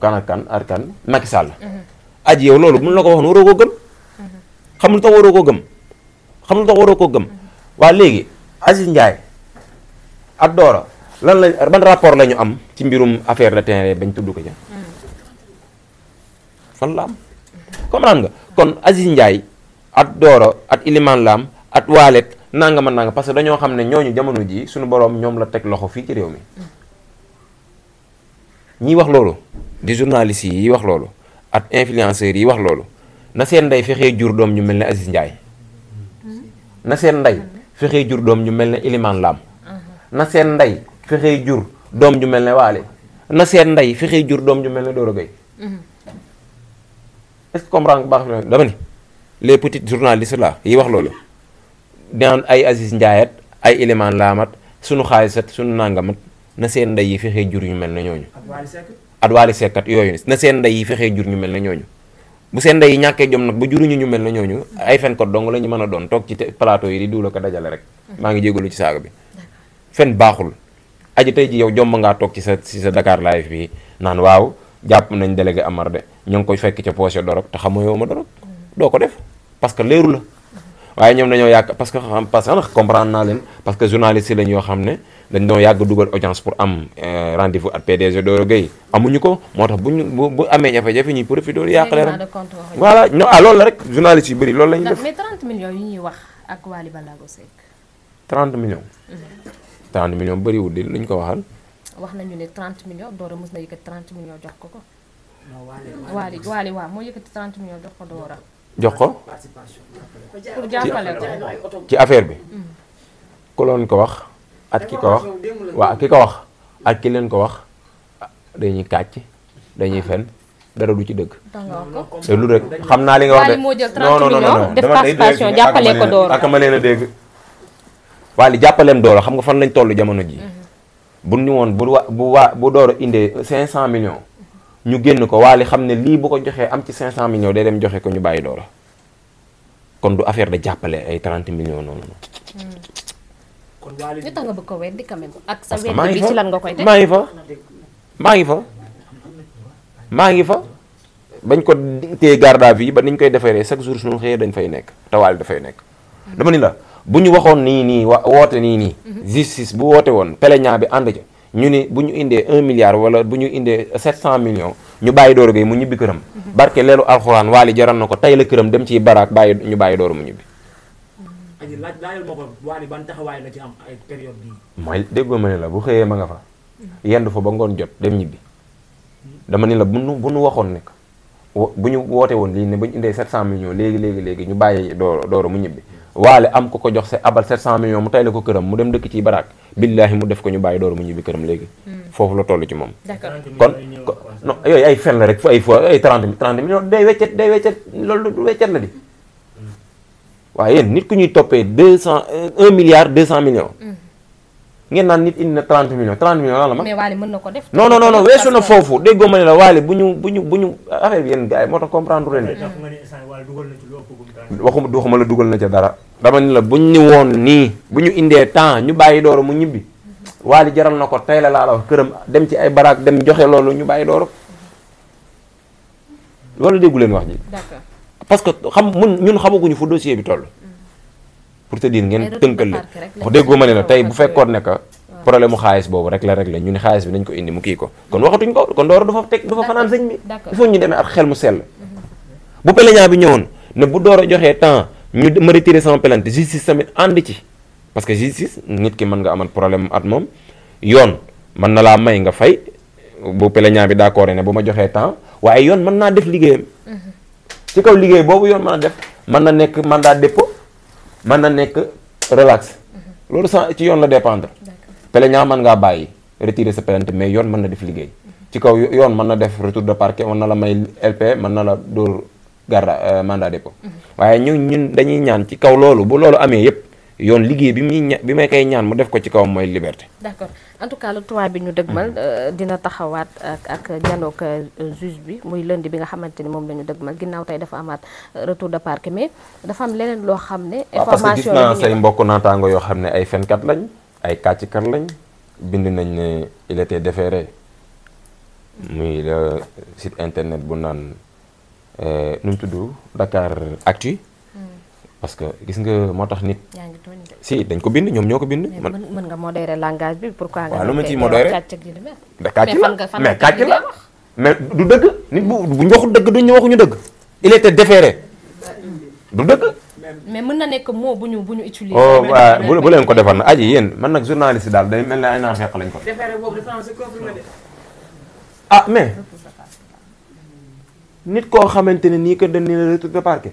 kan ak kan ak kan Macky mhm. loolu mun la ko wax ne waroo koo gëm mhm. xam lu tax waroo koo gëm xam lu tax mhm. waa léegi Aziz Ndiaye ak Dora lan lañ ban rapport la ñu am ci mbirum affaire de terrain bañ tudd ko ca fan la am nga kon Aziz Ndiaye at Dora at Iliman Lam at Walet nangam ak nangam que dañoo xam ne ñooñu jamono ji suñu boroom ñoom la teg loxo fii ci réew mi ñiy wax loolu di journaliste yi wax loolu ak influenceurs yi wax loolu na seen ndey fexee jur doom ñu mel ne Aziz Ndiaye na seen ndey fexee jur doom ñu mel ne Iliman Lam na seen ndey doom ñu mel ne Waale na seen ndey fexee jur doom ñu mel ne doo Gueye est-ce que comprendre baax na dama ni les petites journalistes là yi wax loolu daan ay Aziz Ndiaye at ay Iliman Lam sunu xaalisat sunu nangamat na seen ndey yi fexee jur ñu mel ne ñooñu. at Waly Seck kat yooyu na seen ndey yi fexee jur ñu mel ne ñooñu bu seen ndey yi ñàkkee jom nag ba juruñu ñu mel na ñooñu ay fen ko dong la ñu mën a doon toog ci plateau yi di duula ko dajale rek maa ngi jégalu ci saaga bi fen baaxul aji tey ji yow toog ci sa ci sa Dakar live bi naan waaw jàpp nañ délégué Amar de ñu ngi koy fekk ca poche dorog te xamoo yow ma mm. doo ko def parce leeru la waaye ñoom dañoo yàgg parce que xam parce que comprendre naa leen parce que journaliste yi lañ yoo xam ne dañ doon yàgg dugal audience pour am euh, rendez-vous ak PDG Doro Gueye amuñu ko moo tax buñu bu bu amee jafe-jafe ñuy profité doolu yàq leen voilà non ah loolu la rek journaliste yu bëri loolu la ñuy def mais 30 millions yi ñuy wax ak Wally Ballago Seck 30 millions 30 mm-hmm. millions bëriwul di luñ ko waxal wax nañu ne 30 millions Doro mës na yëkkati 30 millions jox ko ko Wally Wally waaw moo yëkkati 30 millions jox jox ko ci affaire bi ku ko wax ak ki ko wax waaw ki ko wax ak ki leen ko wax dañuy kàcc dañuy fen dara du ci dëgg. te lu rek xam naa li nga wax de non non non def participation jàppale ko Doro ak leen a dégg waaye li jàppaleem Doro xam nga fan lañ toll jamono ji mhm. bu ñu woon bu wa bu waa bu Doro indee 500 millions. ñu génn ko waali xam ne lii bu ko joxee am ci cent millions day dem joxe ko ñu bàyyi doola kon du affaire de jàppale ay 30 millions noonu. kon waali li tax nga bëgg ko weddi lan nga koy maa ngi fa maa ngi fa maa ngi fa. bañ ko téye garde à vue ba niñ koy defaree chaque jour suñu xëyee dañ fay nekk te waali dafay nekk. dama ni la bu ñu waxoon nii nii wa woote nii nii. Mhm. justice bu woote woon plaignant bi ànd ca. ñu ni bu ñu indee un milliard wala bu ñu indee 700 million ñu bàyyi dooru gay mu ñibbi këram. Mhm. barke leelu alxuraan waali jaral na ko tey la këram dem ci baraak bàyyi ñu bàyyi dooru mu ñibbi. aji laaj laajal ma ko waali la ci am ay période bii. mooy ma ne la bu xëyee ma nga fa. Mhm. yendu fa ba ngoon jot dem ñibbi. dama ni la bu nu bu nu waxoon ne bu ñu woote woon lii ne bu indee 700 millions léegi léegi léegi ñu bàyyi dooru dooru mu ñibbi. waale am ko ko jox sa abal 700 millions mu tay la ko këram mu dem dëkk ci baraak billaahi mu def ko ñu bàyyi dooru mu ñibbi këram léegi hmm. foofu la toll ci moom kon non yooyu ay fen la rek fu ay fois ay 30 30 millions day weccet day weccet loolu weccet la di hmm. waaye yéen nit ku ñuy toppee 200 1 milliard 200 millions hmm. ngeen naan nit indi na 30 millions 30 millions lan la ma. mais Waly mën na ko def. weesu na foofu déggoo ma ne la Waly bu ñu bu ñu bu ñu affaire bi yéen gars yi moo tax comprendre leen de. waxuma waxuma la dugal na ca dara. dama ni la buñ ñu woon nii bu ñu indee temps ñu bàyyi dooro mu ñibbi Waly jaral na ko tey la laa la wax këram dem ci ay baraag dem joxe loolu ñu bàyyi dooro loolu déggu leen wax ji. d'accord parce que xam mun ñun xamaguñu fu dossier bi toll. pour te dire ngeen tënkal leen wax déggoo ma ne la bu fekkoon ne que problème mu xaalis boobu rek la rek la ñu ne bi nañ ko indi mu kii ko kon waxatuñ ko kon dooro du fa teg du fa fanaan sëñ bi il faut ñu demee ak xel mu sell mhm. bu plaignant bi ne bu door a temps ñu ma retiré sama plainte justice tamit ànd ci parce que justice nit ki man nga amal problème at moom yoon na laa may nga fay bu plaignant bi d'accord ne bu ma joxee temps waaye yoon mën naa def liggéeyam mhm. ci kaw liggéey boobu yoon man def man na nekk mandat dépôt man na nekk relax loolu sa ci yoon la dépendre pele ñaa man ngaa bàyyi retirer sa plainte mais yoon mën na def liggéey mhm. ci kaw yoon mën na def retour de parquet mën na la may LP mën na la dóor garde euh, mandat dépôt mhm. waaye ñu ñun dañuy ñaan ci kaw loolu bu loolu amee yëpp yoon liggéey bi muy ña bi may koy ñaan mu def ko ci kawam mooy liberté. d'accord en tout cas le 3 bi ñu dëgmal. Mm-hmm. Euh, dina taxawaat ak ak janook euh, bi muy lundi bi nga xamante ni moom la ñu dëgmal ginnaaw tey dafa amaat euh, retour de parquet mais dafa am leneen loo xam ne. information parce que gis say mbokk naataango yoo xam ne ay fenkat lañ ay kàcckat lañ bind nañ ne il était déféré muy le site internet bu naan nu mu tudd Dakar Actu. parce que gis nga moo tax nit. si dañ ko bind ñoom ñoo ko bind. man mën nga modérer langage bi pourquoi nga. waaw lu ma ciy la mais kàcc la mais du dëgg nit bu bu ñu dëgg duñ ñu waxuñu dëgg. il était déféré du dëgg. mais mën na nekk mot bu ñu bu ñu utiliser. Oh, bu bu leen ko defar na yéen man nag journaliste daal day mel ne ay ah mais. nit koo xamante ne nii que dañ ne la retour de parquet.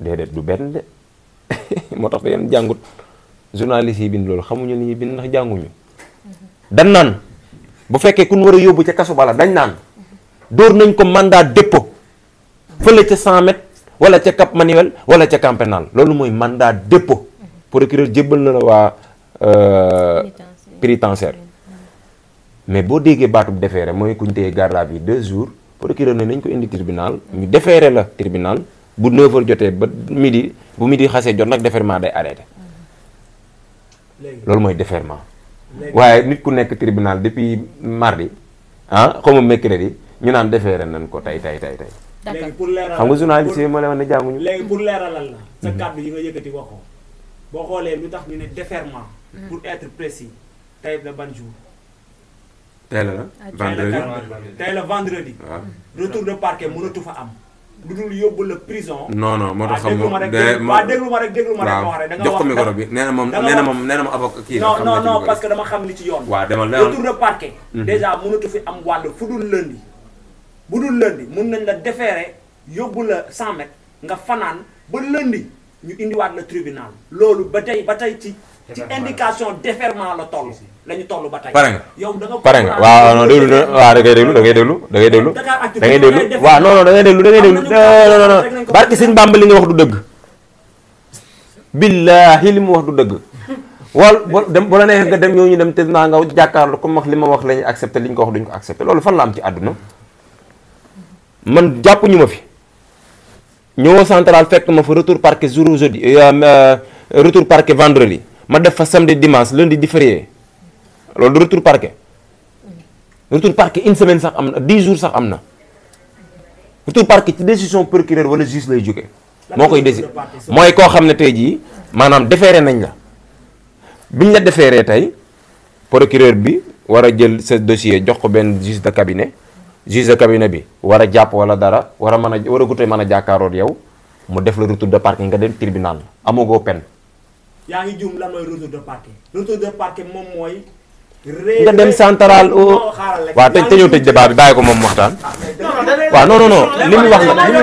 déedéet du benn de moo tax da ngeen jàngut journaliste yi bind loolu xamuñu li ñuy bind ndax jànguñu. dañ naan bu fekkee kun ñu war a yóbbu ca kaso bala dañ naan dóor nañ ko mandat dépôt fële ca 100 mètres wala ca Cap Manuel wala ca camp loolu mooy mandat dëppo procureur jébbal na la waa euh, pénitentiaire mais boo déggee baatub defeere mooy kuñ téye garde à vue deux jours procureur ne nañ ko indi tribunal ñu defeere la tribunal bu 9h joté midi bu midi xassé jot déferment day arrêté loolu moy déferment waye nit tribunal depuis mardi ah le mercredi ñu naan déféré nañ ko tay pour sa mhm. yi nga déferment. Mhm. pour être précis la ban jour. vendredi ah, tay la vendredi. retour de parquet am. lu dul yóbbu la prison. non non moo tax ah, xam nga waaw ah, déglu ma rek déglu ma rek waaw jox ko micro bi nee na moom nee na moom nee na ma avocat kii non non non parce que dama xam li ci yoon. waaw demal nee retour de parquet. Mhm. dèjà mënatu fi am wàll fu dul lundi. bu dul lundi mun nañ la déférer yóbbu la 100 mètres nga fanaan ba lundi ñu indiwaat la tribunal. loolu ba tey ba tey ci ci indication défèrement la toll. lañu toll ba tey. pare nga pare nga waaw non déglu waaw da ngay déglu da ngay déglu da ngay déglu. da ngay déglu waaw non non da ngay déglu da ngay déglu non non non barki sëñ Bàmba li nga wax du dëgg. billaahi li mu wax du dëgg. wal dem bu la neexee nga dem ñooñu dem te naa nga jàkkaarloo comme wax li ma wax la ñuy accepté li ñu ko wax duñ ko accepté loolu fan la am ci àdduna. man jàpp ñu ma fi. ñëwoo central fekk ma fa retour parquet jour jeudi euh, euh, retour parquet vendredi ma def fa samedi dimanche lundi di férié. loolu du retour parquet retour parquet une semaine sax am na dix jours sax am na retour parquet ci décision procureur wala juge lay jóge moo koy dési mooy koo xam ne tey jii maanaam defeere nañ la biñ la déféré tey procureur bi war a jël sa dossier jox ko benn juge de cabinet juge de cabinet bi war a jàpp wala dara war a mën a war a gutee mën a jàkkaaroot yow mu def la retour de parquet nga dem tribinal amoo goo pen. yaa ngi juum lan mooy moom mooy. nga dem central au. waaw te te ñëw tëj débat bi bàyyi ko moom waxtaan. waaw non non li mu wax nag li mu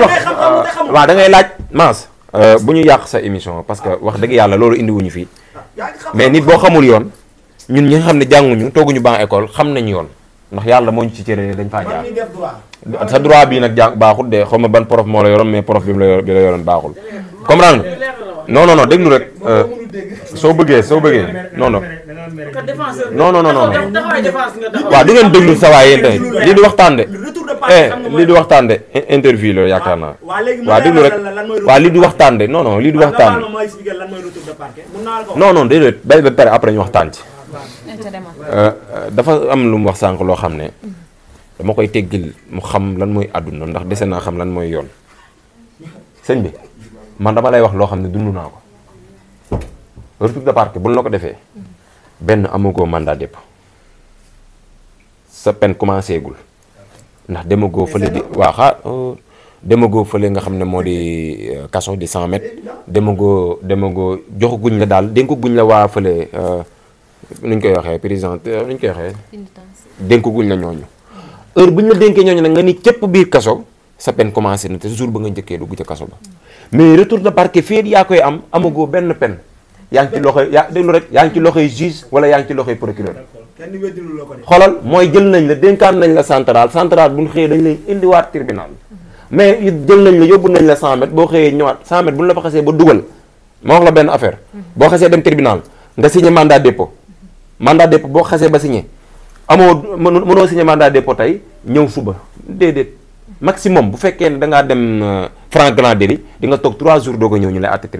wax. da ngay laaj Mass. Euh, bu ñu yàq sa émission parce que wax dëgg yàlla loolu indiwuñu fii mais nit boo xamul yoon ñun ñi xam ne jànguñu tooguñu ban école xam nañu yoon ndax yàlla moo ci cëre dañ faa jaar. sa droit bii nag jàng baaxul de xaw ma ban prof moo la yoroon mais prof bi baaxul. comprendre non non non déglu rek euh, soo bëggee soo bëggee non non non non non waaw di déglu sa waay yéen lii di waxtaan de eh, lii di waxtaan de interview la yaakaar naa waaw déglu rek waa lii di waxtaan de non lii di waxtaan de non non ba pare après ñu waxtaan ci euh, euh, dafa am lu mu wax sànq loo xam ne dama koy teggil mu xam lan mooy àdduna ndax dese naa xam lan mooy yoon sëñ bi man dama lay wax loo xam ne dund naa ko retour de parquet la ko defee benn amagoo mandat dépôt sa pen commencé gul ndax demagoo fële di waaw xaa euh, demagoo fële nga xam ne moo di euh, kaso di 100 mètres demagoo demagoo jox guñ la daal denk guñ la waa fële euh, nuñ koy waxee président nuñ koy waxee. dénk guñ la ñooñu. heure bu ñu la dénkee ñooñu nag nga ni cëpp biir kaso sa pen commencé na te jour ba nga njëkkee dugg ca kaso ba mm. mais retour de parquet fii yaa koy am amagoo benn peine. yaa ngi ci loxoy yaa déglu rek yaa ngi ci loxoy juge wala yaa ngi ci loxoy procureur xoolal mooy jël nañ la dénkaan nañ la central central bu ñu xëyee dañ lay indiwaat tribunal mais jël nañ la yóbbu nañ la 100 boo xëyee ñëwaat 100 mètres bu ñu la fa xasee ba dugal ma wax la benn affaire boo xasee dem tribunal nga signé mandat dépôt mandat dépôt boo xasee ba signé amoo si signé mandat dépôt tey ñëw suba déedéet maximum bu fekkee ne da ngaa dem euh, franc grand délit di nga toog 3 jours doo ko ñëw ñu lay àtte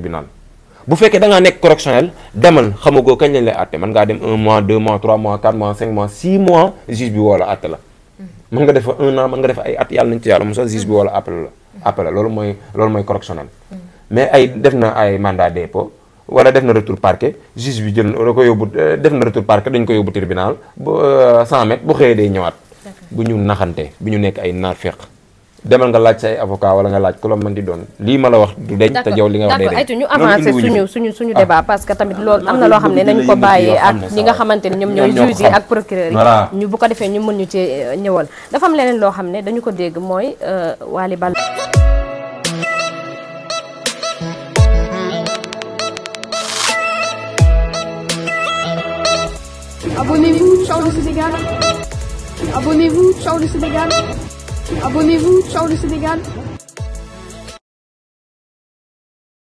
bu fekkee dangaa nekk correctionnel demal xamagoo kañ lañ lay àtte mën ngaa dem un mois deux mois trois mois quatre mois cinq mois six mois juge bi wala àtte la. Mm-hmm. mën nga def fa un an mën nga def ay at yàlla nañ ci yàlla mosal juge bi wala appel la. appel mm-hmm. la loolu mooy loolu mooy correctionnel. Mm-hmm. mais ay def na ay mandat dépôt wala def na retour parquet juge bi jël da ko yóbbu euh, def na retour parquet dañ ko yóbbu tribunal bu 100 euh, mètres bu xëyee day ñëwaat. bu ñu naxante bu ñu nekk ay naafeq. demal nga laaj say avocat wala nga laaj ku la mën di doon lii ma la wax du deñ te yow li nga wax day deñ ñu avancer suñu suñu suñu débat ah. parce que tamit loolu am na loo xam ne nañ ko bàyyee ak ñi nga xamante ne ñoom ñooy juge ak procureur ñu bu ko defee ñu mën ci euh, ñëwal dafa am leneen loo xam dañu ko dégg mooy euh, Wally Bal Abonnez-vous, Charles le Sénégal. Abonnez-vous, Charles le Sénégal. Abonnez-vous, ciao le Sénégal